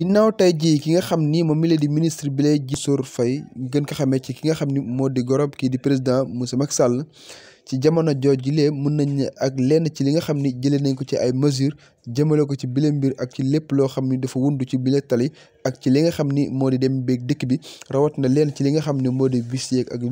ginnaaw tey jii ki nga xam ni moom mi la di ministre bi lay ji Mansour Faye gën ko xamee ci ki nga xam ni moo di gorob kii di président Moussa Macky Sall ci jamono joojule mën nañ ne ak lenn ci li nga xam ni jëlee nañ ko ci ay mesures jëmale ko ci bile mbir ak ci lépp loo xam ni dafa wundu ci bile tali ak ci li nga xam ni moo di dem beeg dëkk bi rawat na ci li nga xam ni moo di bis ak yu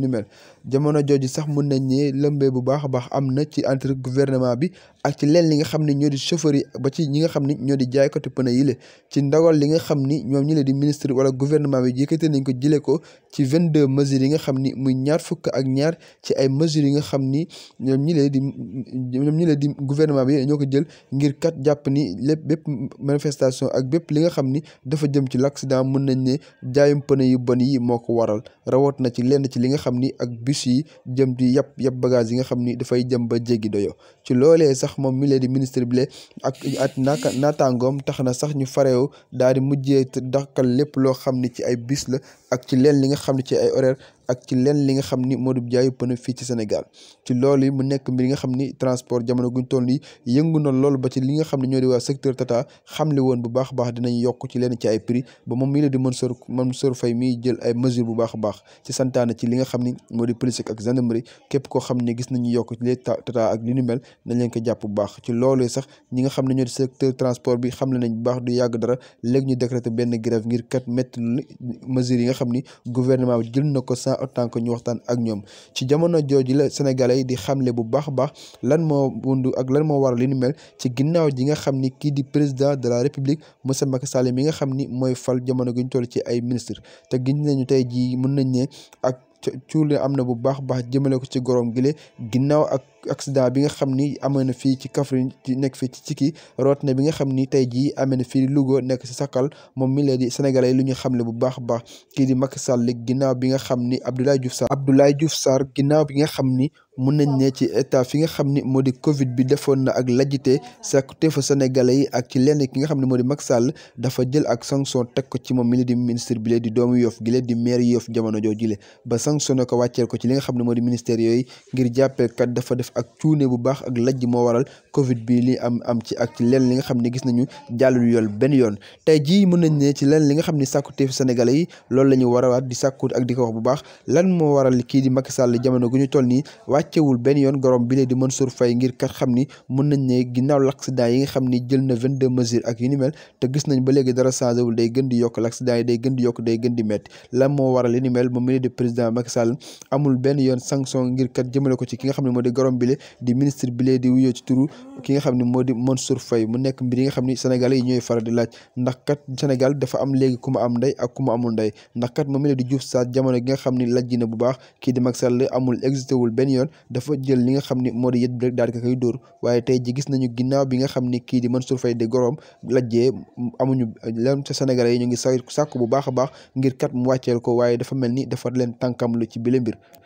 jamono jooju sax mën nañ ne lëmbee bu baax a baax am na ci entre gouvernement bi ak ci lenn li nga xam ni ñoo di chauffeur ba ci ñi nga ni ñoo di jaaykatu pëne yi la ci ndagal li nga xam ni ñoom ñi la di ministre wala gouvernement bi yëkkate nañ ko jëlee ko ci 22 mesures yi nga xam ni muy ñaar fukk ak ñaar ci ay mesures yi nga xam ni ñoom ñi lee di ñoom ñi lee di gouvernement bi ñoo ko jël ngir kat jàpp ni lépp bépp manifestation ak bépp li nga xam ni dafa jëm ci l'accident mën nañ ne jaayum pneu yu bon yi moo ko waral rawat na ci lenn ci li nga xam ni ak bus yi jëm di yàpp yàpp bagage yi nga xam ni dafay jëm ba jéggi doyo ci loolee sax moom mi lee di ministre bi lee ak at naaka naataangoom tax na sax ñu fareew daal di mujjee dakkal lépp loo xam ni ci ay bis la ak ci leen li nga xam ne ci ay horaire ak ci lenn li nga xam ni moo di jaayu pneu fii ci Sénégal ci loolu yi mu nekk mbir nga xam ni transport jamono guñ toll nii yëngu na lool ba ci li nga xam ne ñoo di waa secteur Tata xamle woon bu baax baax dinañ yokk ci lenn ci ay prix ba moom mii la di Mansour Mansour Faye ay mesures bu baax a baax ci santaane ci li nga xam ni moo di police ak gendarmerie képp koo xam ne gis nañu yokk ci Tata ak li nu mel nañ leen ko jàpp bu baax ci loolu sax ñi nga xam ne ñoo di secteur transport bi xamle nañ bu baax du yàgg dara léegi ñu décrété benn grève ngir kat métti mesures yi nga xam ni gouvernement jël na ko naa autant que ñu waxtaan ak ñoom ci jamono jooju la sénégalais yi di xamle bu baax baax lan moo wundu ak lan moo waral li nu mel ci ginnaaw ji nga xam ni kii di président de la république monsieur Macky Sall mi nga xam ni mooy fal jamono gi ñu toll ci ay ministre te gis nañu tey jii mën nañ ne ak cuule am na bu baax baax jëmale ko ci gorom gile ginnaaw ak accident bi nga xam ni amoon na fii ci Kaffrine ci nekk fii ci Cikki root na bi nga xam ni tey jii amee na fii Louga nekk si Sakal moom mi leen di sénégalais yi lu ñu xamle bu baax baax kii di Macky bi nga xam ni Abdoulaye Diouf Sarr Abdoulaye Diouf Sarr ginnaaw bi nga xam ni mun nañ ne ci état fi nga xam ni moo di Covid bi defoon na ak lajjite sàkkute fa sénégalais yi ak ci lenn ki nga xam ne moo di Macky Sall dafa jël ak sanction teg ko ci moom mi leen di ministre bi leen di doomu Yoff gi leen di maire Yoff jamono jooju le ba sanctionné ko wàcceel ko ci li nga xam ne moo di ministère yooyu ngir jàppee dafa def ak cuune bu baax ak lajj moo waral Covid bi li am am ci ak ci leen li nga xam ne gis nañu jàllul yoon benn yoon tey jii mën nañ ne ci leen li nga xam ne sàkkuteefu sénégalais yi loolu la ñu warawaat di sàkkut ak di ko wax bu baax lan moo waral kii di Macky Sall jamono gu ñu toll nii wàccewul benn yoon gorom bi lee di Mansour Faye ngir kat xam ni mën nañ ne ginnaaw l'accident yi nga xam ni jël na 22 mesures ak yu ni mel te gis nañ ba léegi dara changé wul day yokk l'accident yi day gën di yokk day gën moo waral li ni mel moom mi lee di yoon sanction ngir kat jëmale ko ne moo di bile di ministre bile di wuyoo ci turu ki nga xam ne moo di Mansour Faye mu nekk mbir yi nga xam ni senegal yi ñooy faral di laaj ndax kat Sénégal dafa am léegi ku ma am ndey ak ku ma amul ndey ndax kat moom la di Diouf Sarr jamono gi nga xam ni lajji na bu baax kii di Macky Sall amul wul benn yoon dafa jël li nga xam ni moo di yët bi rek daal di ji gis nañu ginnaaw bi nga xam ni kii di Mansour Faye di goroom lajjee amuñu leen sa sénégalais yi ñu ngi sàkku bu baax a baax ngir kat mu wàcceel ko waaye dafa mel ni dafa leen tànkamlu ci bile mbir